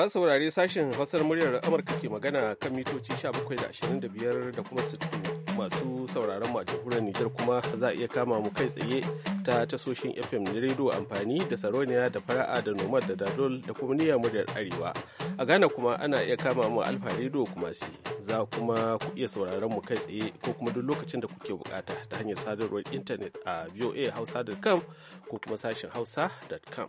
masu saurari sashen hausar muryar amurka ke magana kan mitoci 17.25 da kuma 60 masu sauraron a jihunan nijar kuma za a iya kama mu kai tsaye ta tasoshin fm na rediyo amfani da saroniya da fara'a da nomad da dadol da kuma niyyar muryar arewa a ghana kuma ana iya kama mu alfa rediyo kuma si za kuma ku iya sauraron mu kai tsaye ko kuma duk lokacin da kuke bukata ta hanyar sadarwar intanet a voa hausa.com ko kuma sashen hausa.com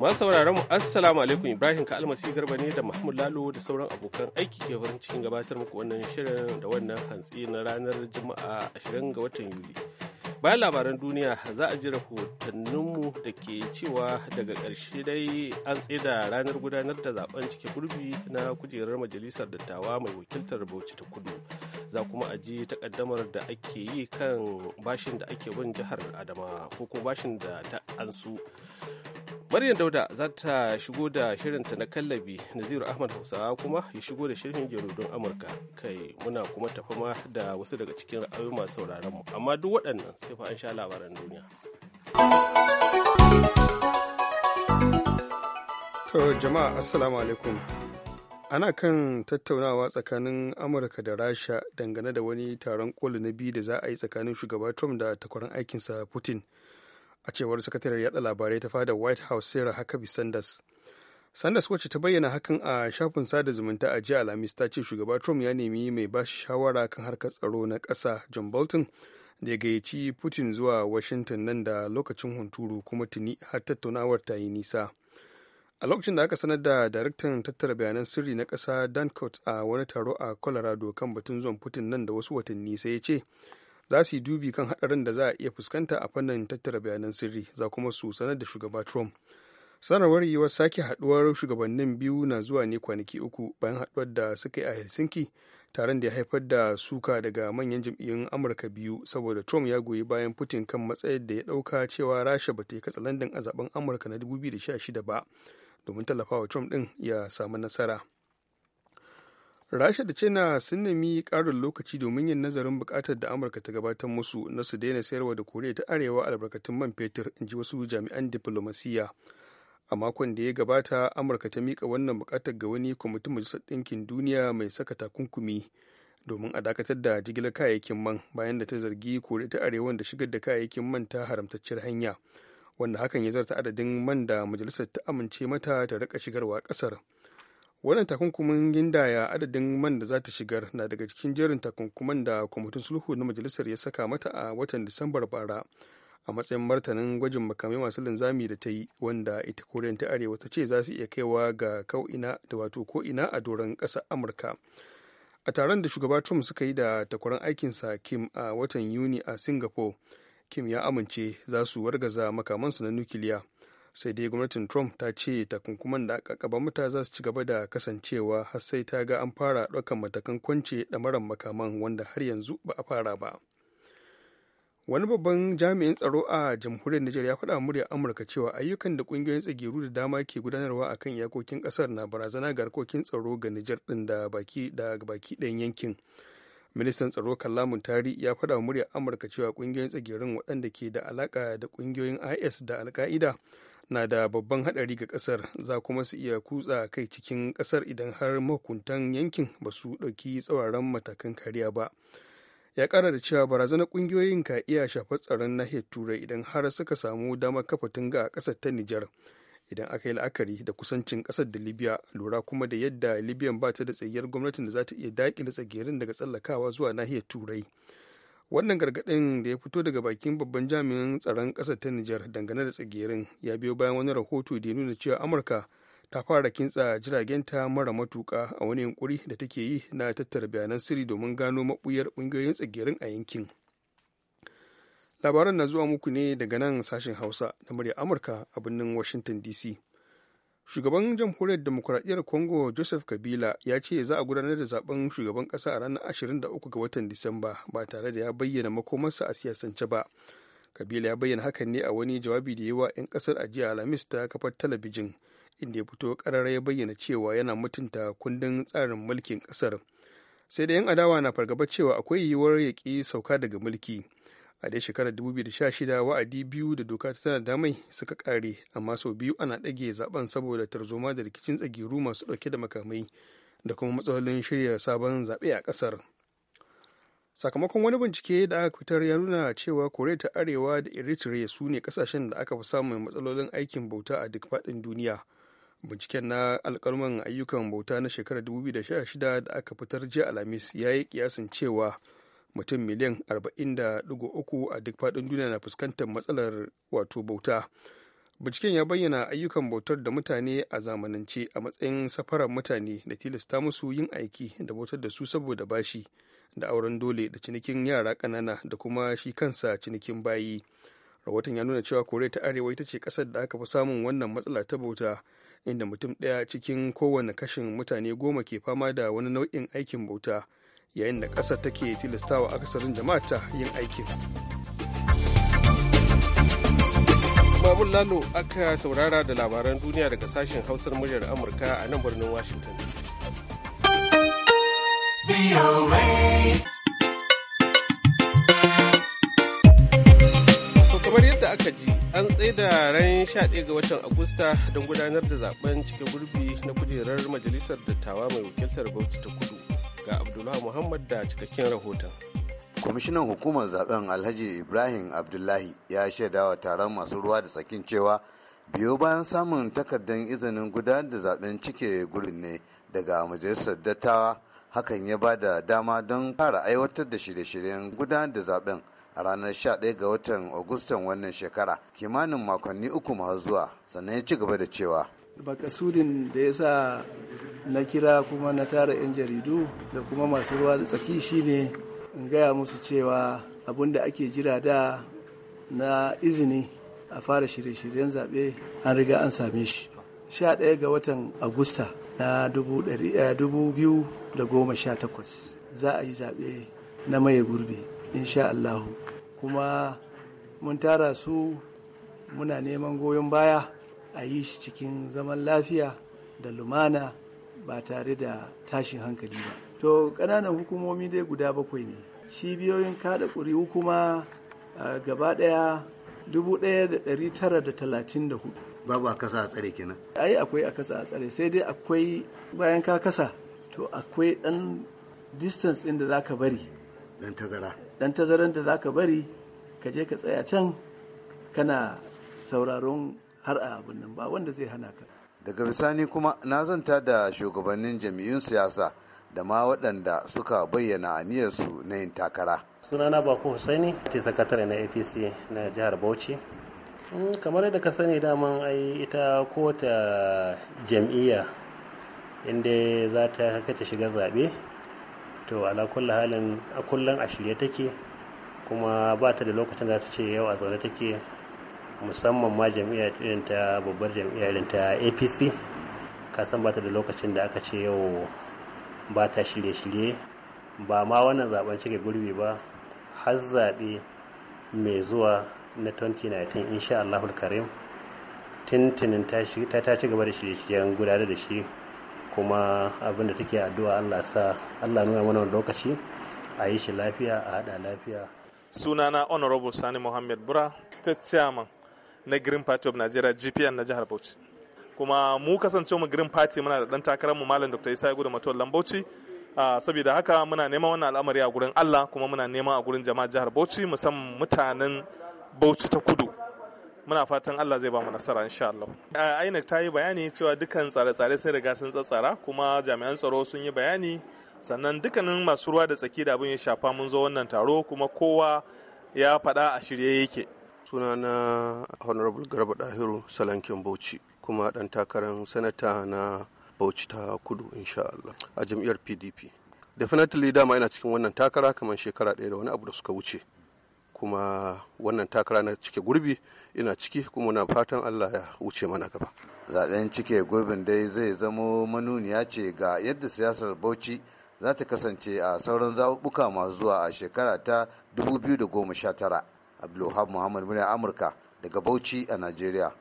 Masu sauraron mu assalamu alaikum Ibrahim ka almasi garba ne da Mahmud Lalo da sauran abokan aiki ke farin cikin gabatar muku wannan shirin da wannan hantsi na ranar Juma'a 20 ga watan Yuli. Bayan labaran duniya za a ji rahotanninmu da ke cewa daga ƙarshe dai an tsida ranar gudanar da zaben cike gurbi na kujerar majalisar dattawa mai wakiltar Bauchi ta Kudu. Za kuma a ji takaddamar da ake yi kan bashin da ake bin jihar Adama ko ko bashin da ta ansu. Maryam Dauda za ta shigo da shirinta na kallabi Naziru Ahmad Hausawa kuma ya shigo da shirin jaridun Amurka. Kai muna kuma tafama da wasu daga cikin ra'ayoyi masu sauraron mu. Amma duk waɗannan sai fa an sha labaran duniya. To jama'a assalamu alaikum. Ana kan tattaunawa tsakanin Amurka da Rasha dangane da wani taron koli na biyu da za a yi tsakanin shugaba Trump da takwaran aikinsa Putin. a cewar sakataren yada labarai ta fadar white house sarah huckabee sanders sanders wacce ta bayyana hakan a shafin sada zumunta a jiya alhamis ta ce shugaba trump ya nemi mai ba shawara kan harkar tsaro na ƙasa john bolton da ya gayyaci putin zuwa washington nan da lokacin hunturu kuma tuni har tattaunawar ta yi nisa a lokacin da aka sanar da daraktan tattara bayanan sirri na ƙasa dancourt a wani taro a colorado kan batun zuwan putin nan da wasu watanni sai ya ce za su yi dubi kan hadarin da za a iya fuskanta a fannin tattara bayanan sirri za kuma su sanar da shugaba trump sanarwar yiwuwar sake haduwar shugabannin biyu na zuwa ne kwanaki uku bayan haduwar da suka yi a helsinki taron da ya haifar da suka daga manyan jam'iyyun amurka biyu saboda trump ya goyi bayan putin kan matsayin da ya dauka cewa rasha ba ta yi katsalandan a zaben amurka na 2016 ba domin tallafawa trump din ya samu nasara rasha da china sun nemi karin lokaci domin yin nazarin bukatar da amurka ta gabatar musu na su daina sayarwa da koriya ta arewa albarkatun man fetur in ji wasu jami'an diflomasiyya a makon da ya gabata amurka ta mika wannan bukatar ga wani kwamitin majalisar ɗinkin duniya mai saka takunkumi domin a dakatar da jigilar kayayyakin man bayan da ta zargi kore ta arewan da shigar da kayayyakin man ta haramtacciyar hanya wanda hakan ya zarta adadin man da majalisar ta amince mata ta rika shigarwa ƙasar wannan takunkumin gindaya adadin man da za ta shigar na daga cikin jerin takunkuman da kwamitin sulhu na majalisar ya saka mata a watan disambar bara a matsayin martanin gwajin makamai masu linzami da ta yi wanda ita koriya ta arewa ta ce za su iya kaiwa ga kau'ina da wato ko'ina a doron ƙasa amurka a taron da shugaba trump suka yi da takwaran aikinsa kim a watan yuni a singapore kim ya amince za su wargaza makamansu na nukiliya sai dai gwamnatin trump ta ce takunkuman da aka kaba mata za su ci gaba da kasancewa har sai ta ga an fara ɗaukan matakan kwance ɗamaran makaman wanda har yanzu ba a fara ba wani babban jami'in tsaro a jamhuriyar nijar ya faɗa murya amurka cewa ayyukan da ƙungiyoyin tsagiru da dama ke gudanarwa a kan iyakokin ƙasar na barazana ga harkokin tsaro ga nijar ɗin da baki da baki ɗayan yankin ministan tsaro kallamun tari ya faɗa murya amurka cewa ƙungiyoyin tsagirin waɗanda ke da alaƙa da ƙungiyoyin is da alka'ida na da babban hadari ga kasar za kuma su iya kutsa kai cikin kasar idan har mahukuntan yankin ba su ɗauki tsauraran matakan kariya ba ya ƙara da cewa barazanar ƙungiyoyin ka iya shafa tsaron nahiyar turai idan har suka samu damar kafa tunga a ƙasar ta nijar idan aka yi la'akari da kusancin ƙasar da libya lura kuma da yadda libyan ba ta da tsayiyar gwamnatin da za ta iya daƙile tsagerin daga tsallakawa zuwa nahiyar turai wannan gargaɗin da ya fito daga bakin babban jami'in tsaron ƙasar ta nijar dangane da tsagerin ya biyo bayan wani rahoto da ya nuna cewa amurka ta fara kintsa jiragenta mara matuƙa a wani yunkuri da take yi na tattara bayanan sirri domin gano maɓuyar ƙungiyoyin tsagerin a yankin labaran na zuwa muku ne daga nan sashen hausa na murya amurka a birnin washington dc shugaban jamhuriyar demokuraɗiyyar congo joseph kabila ya ce za a gudanar da zaben shugaban ƙasa a ranar 23 ga watan disamba ba tare da ya bayyana makomarsa a siyasance ba kabila ya bayyana hakan ne a wani jawabi da yawa 'yan ƙasar a jiya alhamis ta kafar talabijin inda ya fito ƙarara ya bayyana cewa yana mutunta kundin tsarin mulkin ƙasar sai da 'yan adawa na fargaba cewa akwai yiwuwar ya sauka daga mulki a dai shekarar 2016 wa'adi biyu da doka ta tana damai suka kare amma sau biyu ana ɗage zaben saboda tarzoma da rikicin tsagiru masu ɗauke da makamai da kuma matsalolin shirya sabon zaɓe a ƙasar sakamakon wani bincike da aka fitar ya nuna cewa koriya ta arewa da eritrea su ne kasashen da aka fi samun matsalolin aikin bauta a duk faɗin duniya binciken na alkalman ayyukan bauta na shekarar 2016 da aka fitar jiya alhamis ya yi kiyasin cewa mutum miliyan 40.3 a duk faɗin duniya na fuskantar matsalar wato bauta binciken ya bayyana ayyukan bautar da mutane a zamanance a matsayin safarar mutane da tilasta musu yin aiki da bautar da su saboda bashi da auren dole da cinikin yara kanana da kuma shi kansa cinikin bayi rahoton ya nuna cewa koriya ta arewa ita ce ƙasar da aka fi samun wannan matsala ta bauta inda mutum ɗaya cikin kowane kashin mutane goma ke fama da wani nau'in aikin bauta yayin da ƙasa take tilastawa akasarin jama'ata yin aikin babun lalo aka saurara da labaran duniya daga sashen hausar muryar amurka a nan birnin washington dc kamar yadda aka ji an tsaida ran 11 ga watan agusta don gudanar da zaben cikin gurbi na kujerar majalisar dattawa mai wakiltar bauchi ta kudu ga Abdullahi Muhammad da cikakken rahoton. Kwamishinan hukumar zaben Alhaji Ibrahim Abdullahi ya shaidawa taron masu ruwa da tsakin cewa biyo bayan samun takardar izinin gudanar da zaben cike gurin ne daga majalisar dattawa hakan ya ba da dama don fara aiwatar da shirye-shiryen gudanar da zaben a ranar 11 ga watan agustan wannan shekara kimanin makonni uku masu zuwa sannan ya ci gaba da cewa bakasudin da ya sa na kira kuma na tara 'yan jaridu da kuma masu ruwa da tsaki shine in gaya musu cewa abin da ake jira da na izini a fara shirye-shiryen zaɓe an riga an same shi 11 ga watan agusta na 2018 eh, za a yi zaɓe na maye gurbi insha Allahu kuma mun tara su muna neman goyon baya a yi shi cikin zaman lafiya da lumana ba tare da tashin hankali ba to ƙananan hukumomi dai guda bakwai ne cibiyoyin kada ƙuri'u kuma gaba ɗaya hudu. babu a kasa a tsare kenan ai akwai a kasa a tsare sai dai akwai bayan ka kasa to akwai ɗan distance ɗin da za ka bari ɗan tazara ɗan tazaran da za ka bari ka je ka tsaya can kana sauraron har a abin nan ba wanda zai hana ka daga bisani kuma na zanta da shugabannin jam'iyyun siyasa da ma waɗanda suka bayyana aniyarsu na yin takara sunana bako husaini ce sakatare na apc na jihar bauchi hmm, kamar yadda ka sani daman ai ita kowace jam'iyya inda za ta haka ta shiga zaɓe to ala kullum halin a kullum a shirye take kuma ba ta da lokacin da ta ce yau a zaune take musamman ma jam'iyya ta babbar jam'iyya ta apc Ka san ba ta da lokacin da aka ce yau ba ta shirye-shirye ba ma wannan zaben cike gurbi ba har zaɓe mai zuwa na 2019 insha Allahul karim tintinin ta ci gaba da shirye-shiryen gudanar da shi kuma abin da take addu'a Allah sa Allah nuna mana lokaci a yi shi lafiya a hada lafiya sunana honorable sani Mohammed, bura state chairman na Green Party of Nigeria GPN na jihar Bauchi. Kuma mu kasance mu Green Party muna da dan takarar mu Malam Dr. Isa Gudu Matuwar Lambauchi. Ah, saboda haka muna neman wannan al'amari a gurin Allah kuma muna neman a gurin jama'a jihar Bauchi musamman mutanen Bauchi ta Kudu. Muna fatan Allah zai ba mu nasara insha Allah. Ah, INEC ta yi bayani cewa dukkan tsare-tsare sun riga sun tsatsara kuma jami'an tsaro sun yi bayani sannan dukkanin masu ruwa da tsaki da abin ya shafa mun zo wannan taro kuma kowa ya faɗa a shirye yake Suna na honorable garba dahiru salankin bauchi kuma dan takarar sanata na bauchi ta kudu insha Allah a jam'iyyar pdp definitely dama ina cikin wannan takara kamar shekara ɗaya da wani abu da suka wuce kuma wannan takara na cike gurbi ina ciki kuma na fatan Allah ya wuce mana gaba. Zaben cike gurbin dai zai zamo manuniya ce ga yadda siyasar Bauchi za ta kasance a sauran zaɓuɓɓuka masu zuwa a shekara ta 2019. abdulwahab muhammad murya amurka daga bauchi a najeriya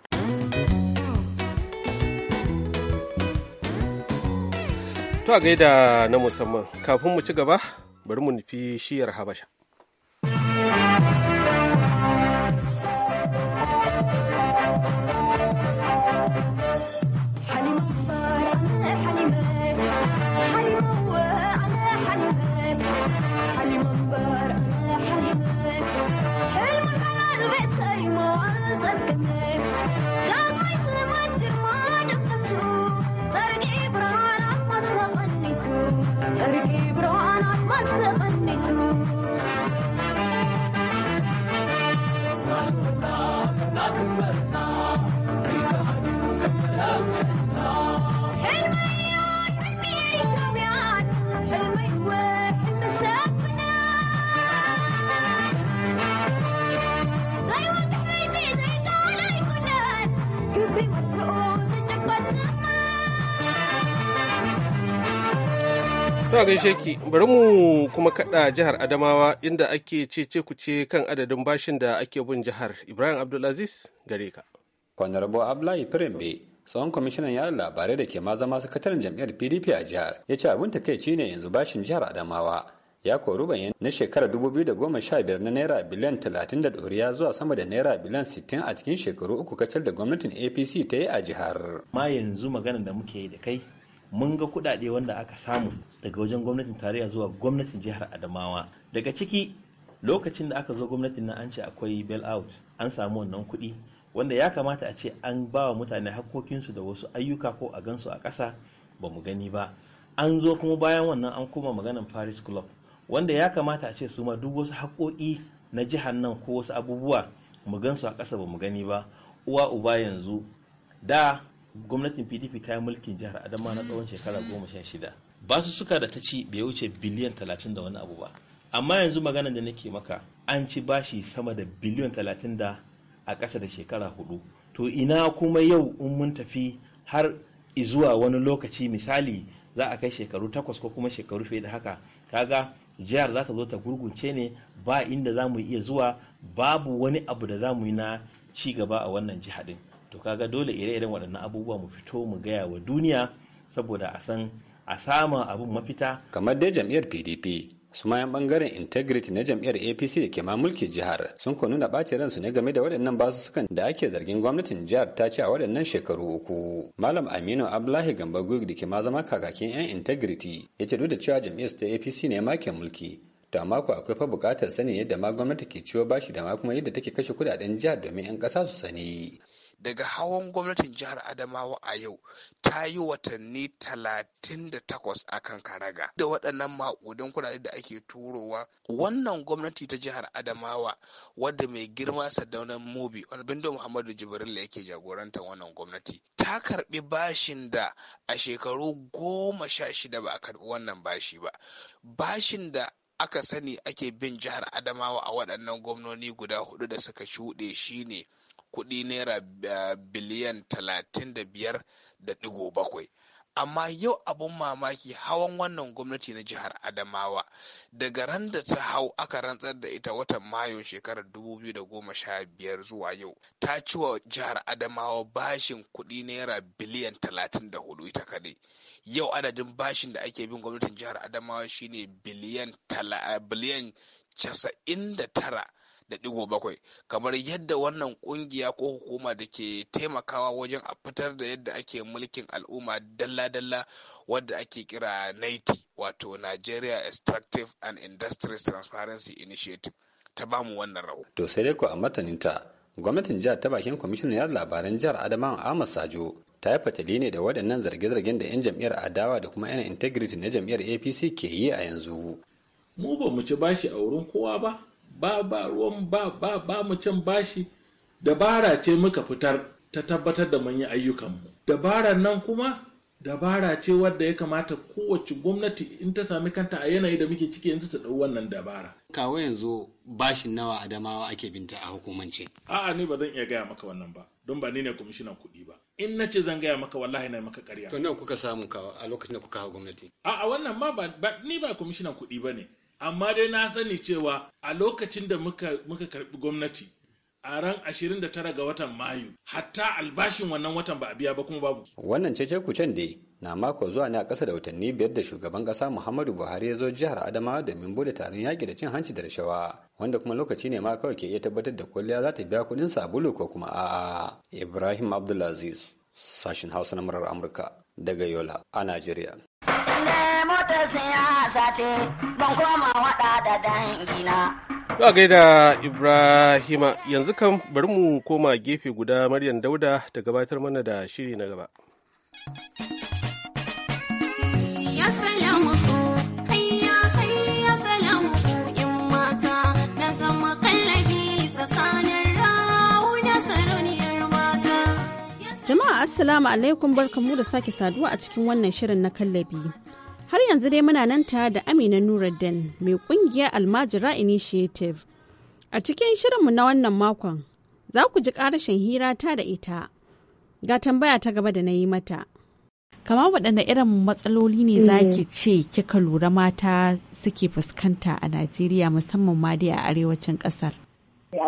to a gaida na musamman kafin mu ci gaba bari mu nufi shiyar habasha a gaishe ki bari mu kuma kada jihar Adamawa inda ake cece ce kan adadin bashin da ake bin jihar Ibrahim Abdulaziz gare ka. Honorable Abdullahi Firimbe tsohon kwamishinan yada labarai da ke ma zama sakataren jam'iyyar PDP a jihar ya ce abin ta takaici ne yanzu bashin jihar Adamawa ya koru bayan na shekarar 2015 na naira biliyan talatin da ɗoriya zuwa sama da naira biliyan sittin a cikin shekaru uku kacal da gwamnatin APC ta yi a jihar. Ma yanzu maganar da muke yi da kai mun ga kuɗaɗe wanda aka samu daga wajen gwamnatin tarayya zuwa gwamnatin jihar adamawa daga ciki lokacin da aka zo gwamnatin nan an ce akwai bail out an samu wannan kuɗi wanda ya kamata a ce an ba wa mutane hakkokinsu da wasu ayyuka ko a gansu a ƙasa ba mu gani ba an zo kuma bayan wannan an koma maganan paris club wanda ya kamata a ce su ma duk wasu haƙoƙi na jihar nan ko wasu abubuwa mu gansu a ƙasa ba mu gani ba uwa uba yanzu da gwamnatin pdp ta yi mulkin jihar adama na tsawon shekara goma sha shida basu suka da ta ci bai wuce biliyan talatin da wani abu ba amma yanzu maganar da nake maka an ci bashi sama da biliyan talatin da a ƙasa da shekara hudu to ina kuma yau in mun tafi har zuwa wani lokaci misali za a kai shekaru takwas ko kuma shekaru fiye da haka kaga jihar za ta zo ta gurgunce ne ba inda za mu iya zuwa babu wani abu da za mu yi na ci gaba a wannan jihadin to kaga dole ire-iren waɗannan abubuwa mu fito mu gaya wa duniya saboda a san a sama abun mafita kamar dai jam'iyyar pdp su mayan bangaren integrity na jam'iyyar apc da ke mulki jihar sun ko nuna ransu ne game da waɗannan sukan da ake zargin gwamnatin jihar ta ce a waɗannan shekaru uku malam aminu abdullahi gamba da ke ma zama kakakin yan integrity ya ce duk da cewa jam'iyyar ta apc ne ma ke mulki da mako akwai fa buƙatar sanin yadda ma gwamnati ke ciwo bashi da ma kuma yadda take kashe kudaden jihar domin 'yan ƙasa su sani daga hawan gwamnatin jihar adamawa a yau ta yi watanni 38 a kan karaga da waɗannan maƙudan kuɗaɗe da ake turowa wannan gwamnati ta jihar adamawa wadda mai girma sadaunan mobi bindo muhammadu da yake jagorantar wannan gwamnati ta karɓi bashin da a shekaru goma sha shida ba a karɓi wannan bashi ba bashin da aka sani ake bin jihar adamawa a waɗannan gwamnoni guda hudu da suka shuɗe shine kuɗi naira eh, biliyan talatin da biyar da ɗigo bakwai amma yau abun mamaki hawan wannan gwamnati na jihar adamawa daga ran da ta hau aka rantsar da ita watan mayu shekarar 2015 zuwa yau ta ci jihar adamawa bashin kuɗi naira biliyan 34 ita kaɗai yau adadin bashin da ake bin gwamnatin jihar adamawa shine biliyan 99 da digo bakwai kamar yadda wannan kungiya ko hukuma da ke taimakawa wajen a fitar da yadda ake mulkin al'umma dalla-dalla wadda ake kira naiti e, wato nigeria extractive and industries transparency initiative ta bamu wannan rawa to sai dai ko a martaninta gwamnatin jihar ta bakin kwamishinan yar labaran jihar adamawa ahmad sajo ta yi fatali ne da waɗannan zarge-zargen da 'yan jam'iyyar adawa da kuma 'yan integrity na jam'iyyar apc ke yi a yanzu mu ba mu ci bashi a wurin kowa ba ba ba ruwan ba ba ba mu can bashi dabara ce muka fitar ta tabbatar da manyan ayyukanmu dabarar nan kuma dabara ce wadda ya kamata kowace gwamnati in ta sami kanta a yanayi da muke ciki yanzu ta ɗau wannan dabara. Kawo yanzu bashin nawa Adamawa ake binta a hukumance. A'a ni ba zan iya gaya maka wannan ba, don ba ni ne kwamishinan kuɗi ba. In na ce zan gaya maka wallahi na maka ƙarya. To nawa kuka samu a lokacin da kuka hau gwamnati? A'a wannan ma ba ni ba kwamishinan kuɗi ba ne. amma dai na sani cewa a lokacin da muka, muka karbi gwamnati a ran 29 ga watan mayu hatta albashin wannan watan ba a biya ba kuma babu wannan cece kucen da na mako zuwa ne a ƙasa da watanni biyar da shugaban ƙasa muhammadu buhari ya zo jihar adamawa domin bude taron yaƙi da cin hanci da rashawa wanda kuma lokaci ne ma kawai ke iya tabbatar da kwalliya za ta biya kuɗin sabulu ko kuma a ibrahim abdulaziz sashin hausa na murar amurka daga yola a najeriya wata siyasa ce ban koma waɗa da dangina. To a gaida Ibrahima yanzu kan bari mu koma gefe guda Maryam Dauda ta gabatar mana da shiri na gaba. Ya salamu hayya hayya salamu in mata na zama kallabi tsakanin rawuna saloniyar mata. Jama'a Assalamu alaikum barkamu da sake saduwa a cikin wannan shirin na kallabi. Har yanzu dai muna nan tare da Amina nura Nuruddin mai kungiyar Almajira Initiative. A cikin shirinmu na wannan makon za ku ji ƙarashin hira ta da ita. Ga tambaya ta gaba da na yi mata. Kama waɗanda irin matsaloli ne za ki mm. ce kika lura mata suke fuskanta a Najeriya musamman ma dai a arewacin ƙasar. Eh,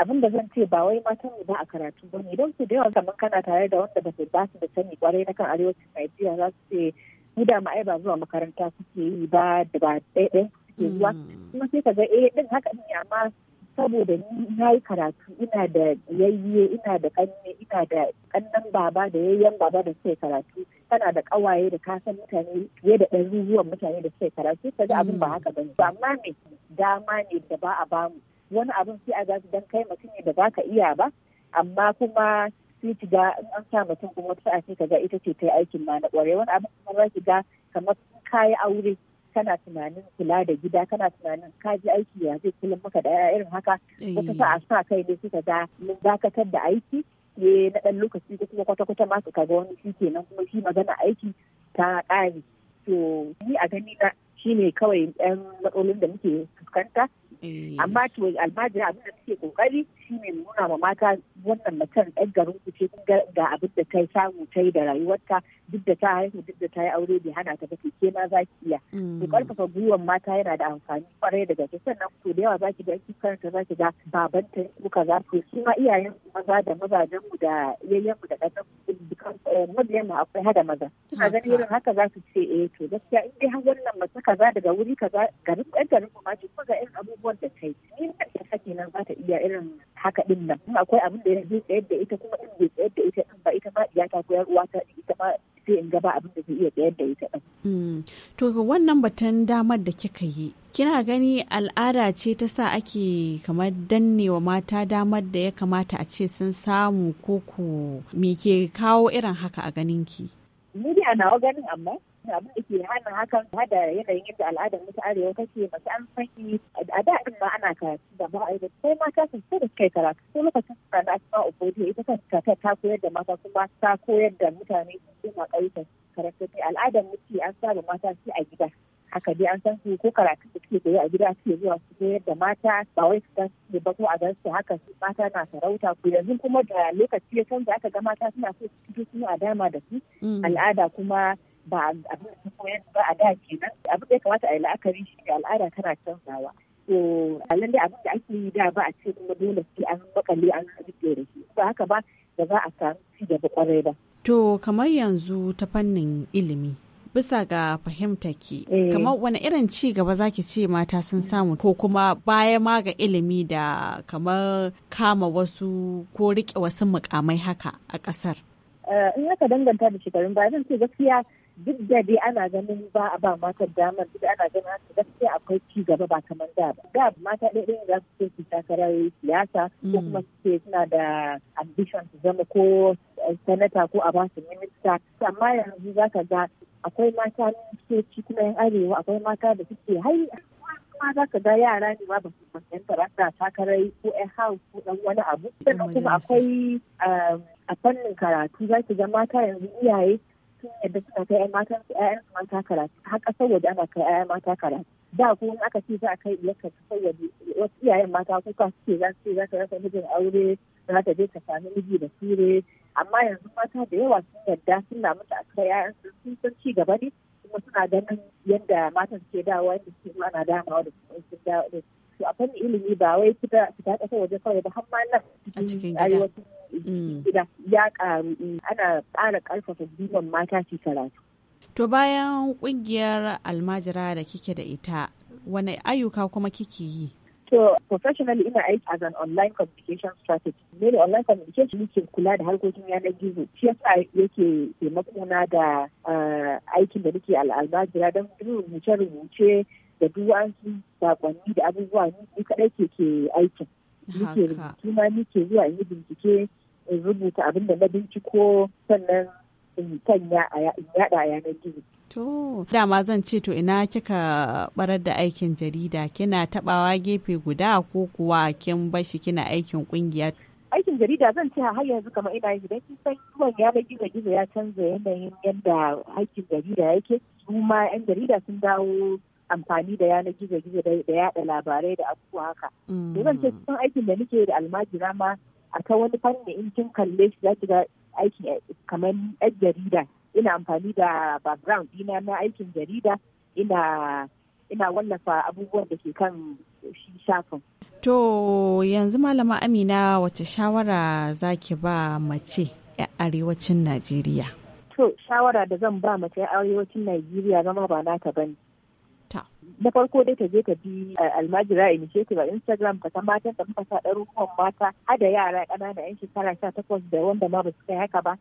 abin da zan ce ba wai mata ne ba a karatu ba ne don su da yawa kana tare da wanda ba su ba su da sani kwarai na kan arewacin Najeriya za su ce mu da ma'ai ba zuwa makaranta suke yi ba da ba ɗaya suke zuwa mm. kuma sai ka ga eh din haka ne amma saboda ni na yi karatu ina da yayye ina da kanne ina da kannan baba da yayyen baba da suke karatu tana da kawaye da kasan mutane fiye da ɗari ɗaruruwan mutane da suke karatu ka ga abin ba mm. haka ba ne amma me dama ne da ba a bamu wani abin sai a su dan kai mutum ne da ka iya ba amma kuma sai ki ga an sa mutum kuma wata sa'a sai ga ita ce ta yi aikin ma na ƙware wani abu kuma za ki ga kamar kayi aure kana tunanin kula da gida kana tunanin ka ji aiki ya zai kula maka da irin haka eh. wata sa'a sa kai ne suka ga mun dakatar da aiki ye na ɗan lokaci ko kuma kwata-kwata ma ka ga wani shi kenan kuma shi magana aiki ta ƙare to ni a gani na shine kawai ɗan matsalolin da muke fuskanta Eh. amma to almajira abin da suke kokari shine nuna ma mata wannan mutum ɗan garin ku ce ga abin da yi samu ta yi da rayuwarta duk da ta haihu duk da ta yi aure bai hana ta ba ke ma za ki iya mm. ku ƙarfafa gwiwan mata yana da amfani kwarai da gaske sannan ku da yawa za ki ga ki karanta za ki ga babanta ku za ku su ma iyayen maza da mazajen mu da yayyen mu da ƙasar eh, mabiyan mu akwai hada maza suna ganin irin haka za su ce eh to gaskiya in dai har wannan mace kaza daga wuri kaza garin ɗan garin mu ma ce ga irin abubuwa abubuwan da ta ni na iya sake nan ba ta iya irin haka din nan in akwai abin da ya zai tsayar da ita kuma in bai tsayar da ita din ba ita ma iyata ta yar uwa ta ita ma sai in gaba abin da zai iya tsayar da ita din. Hmm. to wannan batun damar da kika yi kina gani al'ada ce ta sa ake kamar danne wa mata damar da ya kamata a ce sun samu koko me ke kawo irin haka a ganinki. ni dai ana nawa ganin amma abin da ke hana hakan hada yanayin yadda al'adar mutu arewa kake masu an sanyi a da din ma ana karatu da ba'a da sai mata sun da kai karatu sai lokacin suna da asma ubodi ita kan kakar ta koyar da mata kuma ta koyar da mutane sun koma ƙauyukan karatu al'adar mutu an saba mata shi a gida haka dai an san su ko karatu da suke koyi a gida suke zuwa su koyar da mata ba wai su ne ba ko a gan su haka su mata na sarauta ku yanzu kuma da lokaci ya canza aka ga mata suna so su fito suna a dama da su mm. al'ada kuma ba abin da koyar ba a da kenan abin da ya kamata a yi la'akari shi ne al'ada tana canzawa to lalle abin da ake yi da ba a ce kuma dole sai an makale an rike da shi ba haka ba da za a samu ci gaba kwarai ba to kamar yanzu ta fannin ilimi bisa ga fahimta ki eh. kamar wani irin ci gaba zaki ce mata sun samu ko kuma baya ma ga ilimi da kamar kama wasu ko rike wasu mukamai haka a ƙasar. Eh, in yaka danganta da shekarun baya zan ce gaskiya duk da dai ana ganin ba a ba mata damar duk ana ganin haka gaskiya akwai ci gaba ba kamar da ba da mata ɗaya za su ce su takarar siyasa ko mm. kuma su ce suna da ambition su zama ko eh, sanata ko a ba su minista amma yanzu za ka ga akwai mata ci kuma yan arewa akwai mata da suke hai kuma za ka ga yara ne ma ba su fahimta ba ta takarai ko ɗan house ko dan wani abu mm, kuma akwai eh, a fannin karatu za ki ga mata yanzu iyaye yadda suna kai 'yan matan su 'ya'yan mata karatu har ƙasar ana kai 'ya'yan mata karatu da ku in aka ce za a kai biyar ta wasu iyayen mata kuka suke za su ce za ta rasa mijin aure za ta je ta sami miji da sure amma yanzu mata da yawa sun yadda sun na a kai su sun san ci gaba ne kuma suna ganin yadda matan suke dawowa yadda suke zuwa damawa da su da su a fannin ilimi ba wai fita fita waje kawai ba har ma nan cikin Mm. gida ya karu eh, ana ƙara ƙarfafa gwiwar mata su karatu. To bayan ƙungiyar almajira da kike da ita, Wani ayyuka kuma kike yi? To, professionally ina aiki as an online communication strategy. Mene online communication yake kula da harkokin yanar gizo. Shi yasa yake taimakona da eh, aikin da nake almajira don rubuce-rubuce da duwatsu, sakonni da abubuwa ni kadai ke ke aikin. Nike rubutu ma nike zuwa yi bincike in rubuta abin da na binciko sannan in sanya in yada a yanar gizo. To, dama zan ce to ina kika barar da aikin jarida kina tabawa gefe guda ko kuwa kin bashi kina aikin kungiya. Aikin jarida zan ce har yanzu kamar ina yi don kin san zuwan yanar gizo gizo ya canza yanayin yadda aikin jarida yake. Su ma 'yan jarida sun dawo amfani da yanar gizo gizo da yada labarai da abubuwa haka. Mm. zan ce cikin aikin da nake da almajira ma a ta wani fanni in kin kalle shi zaki ga aiki eh, kamar ɗan jarida ina amfani da background dina na aikin jarida ina ina wallafa abubuwan da ke kan shi shafin to yanzu malama amina wace shawara zaki ba mace a arewacin najeriya to shawara da zan ba mace a arewacin najeriya zama ba nata bane ta. Na farko dai ta je ta bi eh, almajira initiative a Instagram ka san matan da muka sa ɗaruruwan mata hada yara ƙanana 'yan shekara sha takwas da wanda ma ba su kai haka ba.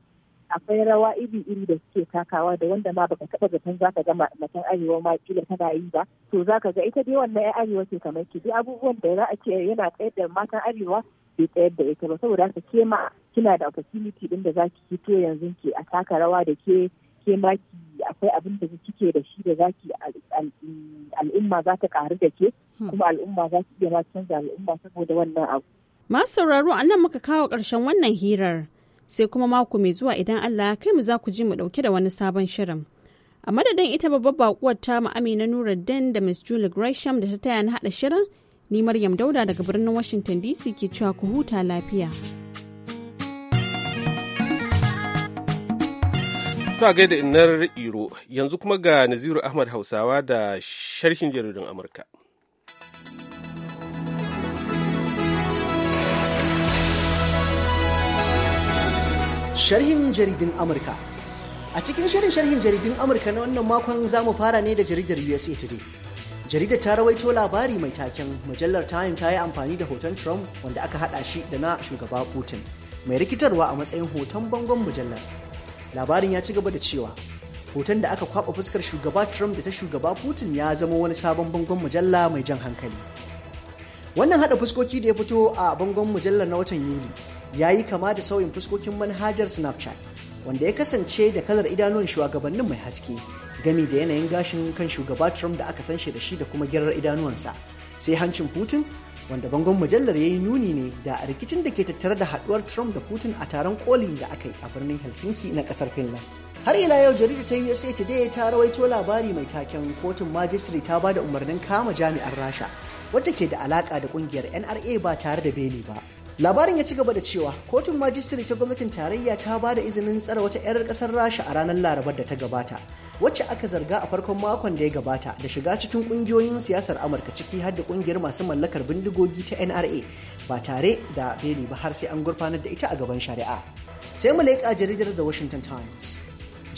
Akwai rawa iri-iri da suke takawa da wanda ma baka taɓa zaton za ka ga macen arewa ma kila tana yi ba. To za ka ga ita dai wannan 'yan arewa ce kamar ki duk abubuwan da za a ce yana tsayar da matan arewa bai tsayar da ita ba saboda haka ke ma kina da opportunity ɗin da za ki fito yanzu ki a taka rawa da ke ke maki akwai abin da kike da shi da zaki al'umma za ta karu da ke hmm. kuma al'umma za iya ma canza al'umma saboda wannan abu. Masu sauraro a nan muka kawo ƙarshen wannan hirar sai kuma mako mai zuwa idan Allah ya kai mu za ku ji mu ɗauke da wani sabon shirin. A madadin ita babbar bakuwar ta mu Amina Nuruddin da Miss Julie Gresham da ta taya na haɗa shirin, ni Maryam Dauda daga birnin Washington DC ke cewa ku huta lafiya. Ta gaida inar Iro, yanzu kuma ga Naziru Ahmad Hausawa da sharhin jaridun Amurka. Sharhin jaridun Amurka A cikin shirin sharhin jaridun Amurka na wannan makon za mu fara ne da jaridar USA Today. Jaridar ta rawaito labari mai taken mujallar Time ta yi amfani da hoton Trump wanda aka haɗa shi da na shugaba Putin. Mai rikitarwa a matsayin hoton bangon mujallar. labarin ya ci gaba da cewa hoton da aka kwaba fuskar shugaba trump da ta shugaba putin ya zama wani sabon bangon mujalla mai jan hankali wannan hada fuskoki da ya fito a bangon mujallar na watan yuli ya yi kama da sauyin fuskokin manhajar snapchat wanda ya kasance da kalar idanuwan shugabannin mai haske gami da yanayin gashin kan shugaba trump da aka san shi da shi da kuma gyarar idanuwansa sai hancin putin wanda bangon mujallar ya yi nuni ne da rikicin da ke tattare da haduwar Trump da Putin a taron kolin da aka yi a birnin Helsinki na kasar Finland. Har ila yau jarida ta USA Today ta rawaito labari mai taken kotun majistri ta ba da umarnin kama jami'an Rasha wacce ke da alaka da kungiyar NRA ba tare da beli ba. Labarin ya ci gaba da cewa kotun majistri ta gwamnatin tarayya ta ba da izinin tsara wata 'yar kasar Rasha a ranar Larabar da ta gabata wacce aka zarga a farkon makon da ya gabata da shiga cikin kungiyoyin siyasar amurka ciki har da kungiyar masu mallakar bindigogi ta nra ba tare da beli ba har sai an gurfanar da ita a gaban shari'a sai mu leƙa jaridar the washington times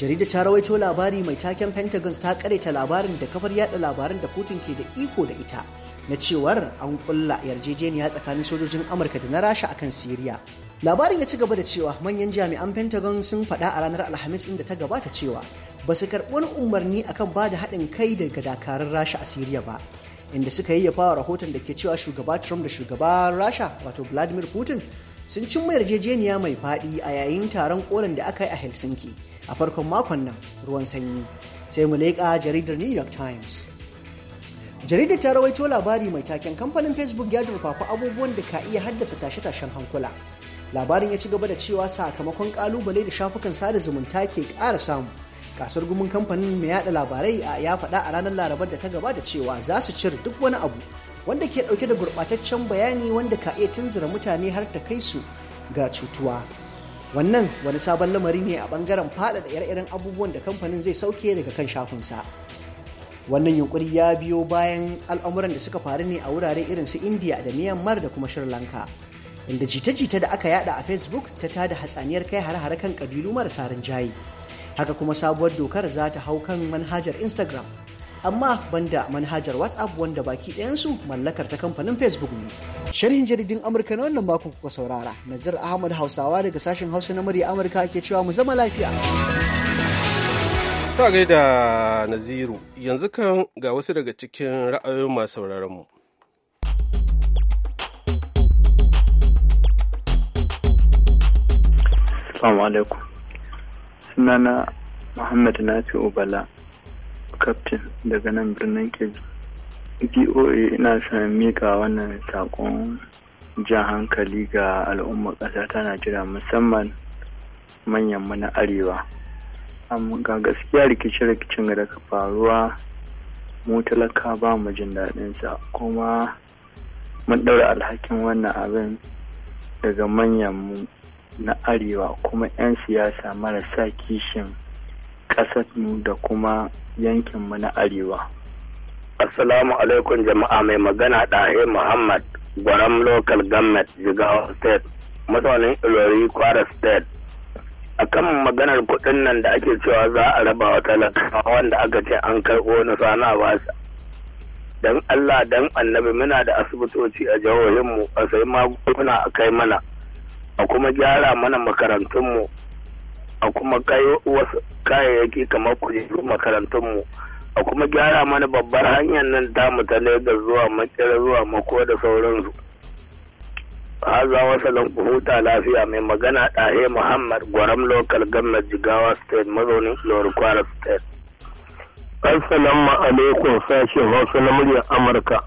Jaridar ta rawaito labari mai taken Pentagons ta ta labarin da kafar yada labarin da Putin ke da iko da ita na cewar an kulla yarjejeniya tsakanin sojojin amurka da na rasha akan siriya labarin ya ci gaba da cewa manyan jami'an pentagon sun faɗa a ranar alhamis ɗin da ta gabata cewa ba su karɓi wani umarni akan ba da haɗin kai daga dakarun rasha a siriya ba inda suka yi ya fara rahoton da ke cewa shugaba trump da shugaban rasha wato vladimir putin sun cimma yarjejeniya mai faɗi a yayin taron koren da aka yi a helsinki a farkon makon nan ruwan sanyi sai mu leƙa jaridar new york times jaridar ta rawaito labari mai taken kamfanin facebook ya durfafa abubuwan da ka iya haddasa tashe-tashen hankula labarin ya ci gaba da cewa sakamakon kalubale da shafukan sada zumunta ke ƙara samu kasar gumin kamfanin mai yada labarai ya faɗa a ranar larabar da ta gabata cewa za su cire duk wani abu wanda ke ɗauke da gurɓataccen bayani wanda ka iya tunzura mutane har ta kai su ga cutuwa wannan wani sabon lamari ne a ɓangaren faɗaɗa ire-iren abubuwan da kamfanin zai sauke daga kan shafinsa wannan yunkuri ya biyo bayan al'amuran da suka faru ne a wurare irin su Indiya da myanmar da kuma sri lanka inda jita-jita da aka yada a facebook ta tada hatsaniyar kai hare-hare kan kabilu marasa rinjaye haka kuma sabuwar dokar za ta hau kan manhajar instagram amma banda manhajar whatsapp wanda baki ɗayansu mallakar ta kamfanin facebook ne sharhin jaridin amurka na wannan makon kuka saurara nazir ahmad hausawa daga sashen hausa na murya amurka ke cewa mu zama lafiya ta da naziru yanzu kan ga wasu daga cikin ra'ayoyin masu sauraronmu Assalamu alaikum. sunana muhammad nafi Obala, kaftin daga nan birnin Kebbi. boa ina son mika wannan saƙon jan hankali ga al'ummar ƙasa ta najeriya musamman manyan mu na arewa ga gaskiya rikice-rikicin da ka faruwa mu talaka ba mu jin daɗinsa kuma mun ɗaura alhakin wannan abin daga manyan mu na arewa kuma 'yan siyasa marasa kishin mu da kuma yankinmu na arewa. Assalamu alaikum jama'a mai magana ɗahe Muhammad Gwaram Local Government Jigawa State, mutanen Ilori Kwara State. A kan maganar kuɗin nan da ake cewa za a raba wa talaka wanda aka ce an karɓo na sana ba don Allah dan annabi muna da asibitoci a jihohinmu a sai magunguna a kai mana a kuma gyara mana makarantunmu a kuma kai wasu kayayyaki kamar kujeru makarantunmu a kuma gyara mana babbar hanyar nan ta ta Legas zuwa Makera zuwa Mako da sauransu. Haza wasalin huta lafiya mai magana ɗahe Muhammad Gwaram Local Government Jigawa State mazaunin Kwara State. Assalamu alaikum sashen Hausa na murya Amurka.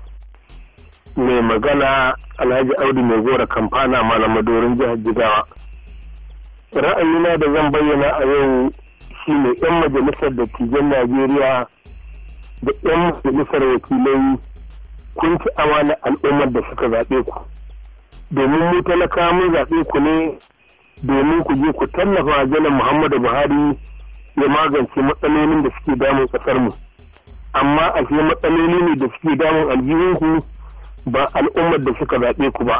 mai magana alhaji audu mai gora kamfana doron jihar jigawa ra'ayina da zan bayyana a yau shine 'yan majalisar dattijan najeriya da 'yan majalisar wakilai kun ci amana al'ummar da suka zaɓe ku domin mu talaka mun zaɓe ku ne domin ku je ku tallafa janar muhammadu buhari ya magance matsalolin da suke damun ƙasar mu amma ashe matsaloli ne da suke damun aljihunku ba al'ummar da suka zaɓe ku ba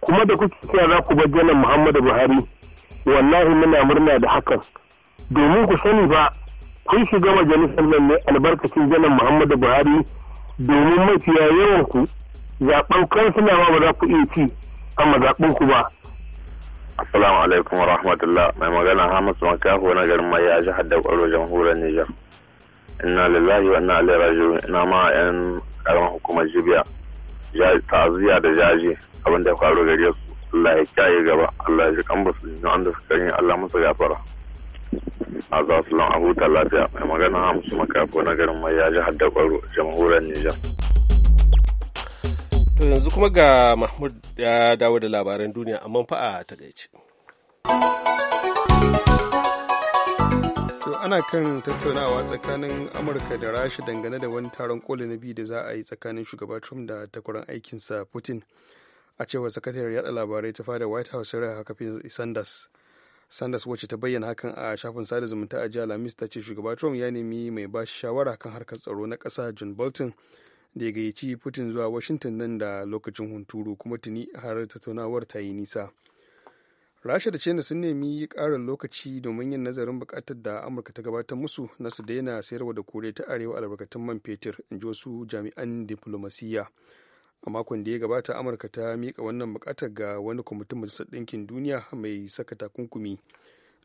kuma da kuke cewa za ku bar janar muhammadu buhari wallahi muna murna da hakan domin ku sani ba kun shiga majalisar nan ne albarkacin janar muhammadu buhari domin mafiya yawan ku zaɓen ma ba za ku iya ci a mazaɓin ku ba Assalamu alaikum wa rahmatullah mai magana Hamas Makaho na garin mai ya jihar da kwaro jamhuriyar Nijar. Inna lillahi wa inna ilaihi raji'un ina ma yan karamar hukumar Jibiya. ta'aziyya da jaje abin da faru gare su Allah ya kyaye gaba Allah ya ji basu jinu an da suka yi Allah musu gafara a za su lan abu lafiya mai magana hamsu makafo na garin mai yaji hadda kwaro jamhuriyar Nijar. To yanzu kuma ga Mahmud ya dawo da labaran duniya amma fa a takaice. ana kan tattaunawa tsakanin amurka da rasha dangane da wani taron koli na biyu da za a yi tsakanin shugaba trump da takwaran aikinsa putin a cewar sakatariyar yada labarai ta fada white house haka hakafi sanders sanders wacce ta bayyana hakan a shafin sada zumunta a jiya lamis ta ce shugaba trump ya nemi mai ba shawara kan harkar tsaro na kasa john bolton da ya gayyaci putin zuwa washington nan da lokacin hunturu kuma tuni har tattaunawar ta yi nisa rasha da china sun nemi karin lokaci domin yin nazarin bukatar da amurka ta gabatar musu na su daina sayarwa da kore ta arewa albarkatun man fetur in ji wasu jami'an diflomasiyya a makon da ya gabata amurka ta miƙa wannan bukatar ga wani kwamitin majalisar ɗinkin duniya mai saka takunkumi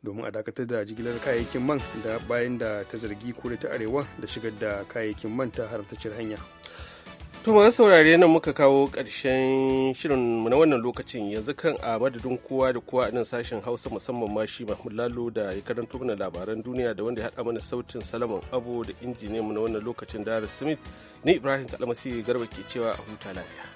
domin a dakatar da jigilar kayayyakin man da bayan da ta zargi kore ta arewa da shigar da kayayyakin man ta haramtacciyar hanya Tuma saurare nan muka kawo ƙarshen shirin na wannan lokacin yanzu kan a madadin kowa da kowa nan sashen Hausa musamman ma shi Mahmud Lalo da ya karanto mana labaran duniya da wanda ya haɗa mana sautin Salaman Abu da mu na wannan lokacin Dara Smith ni Ibrahim Kalamasi Garba ke cewa a huta lafiya.